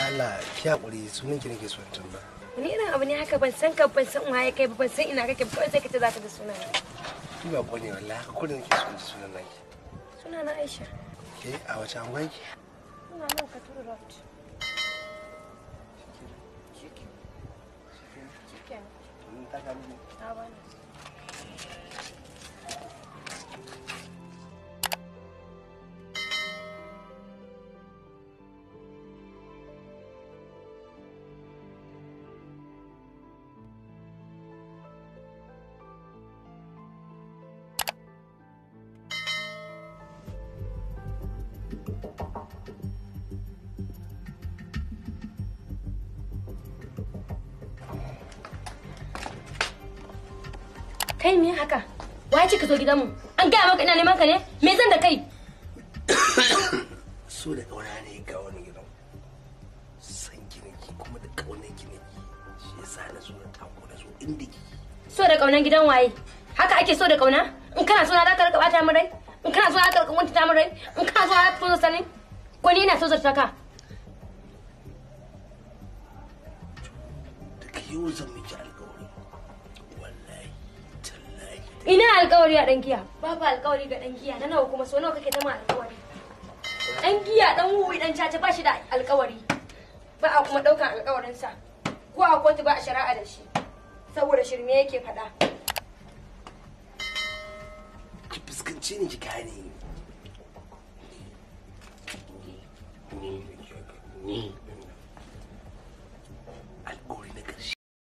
Allah ki haƙuri sunan ki nake son ba. Wani irin abu ne haka ban san ka ban san waye kai ban san ina kake kawai sai ka ce ka da sunan. Ki ba kone wallahi haka kullum nake son sunan naki. Suna na Aisha. Ke a wace angon ki? Suna nan Katuru Road. Chicken. Chicken. Chicken. Chicken. Kai me haka? Wai kika zo gidanmu? An gaya maka ina neman ka ne? Me zan da kai? So da kauna ne ga wani gidan. San ki kuma da kauna ginaki. Shi yasa na zo na tako na zo inda ki. So da ƙaunar gidan waye? Haka ake so da kauna In kana so na za ka rika ɓata rai? In kana so na za ka rika ta min rai? In kana so na za ka so sanin? Ko ni ina so zarta ka? yau zan miki alƙawari Ina alkawari a dan giya? Babu alkawari ga dan giya. Na nawa kuma so nawa kake ta alkawari? Ɗan giya ɗan wuwi dan caca ba shi da alkawari. Ba a kuma ɗaukan sa. Ko a kotu ba a shari'a da shi. Saboda shirme yake faɗa. Ki fuskanci ni ki gane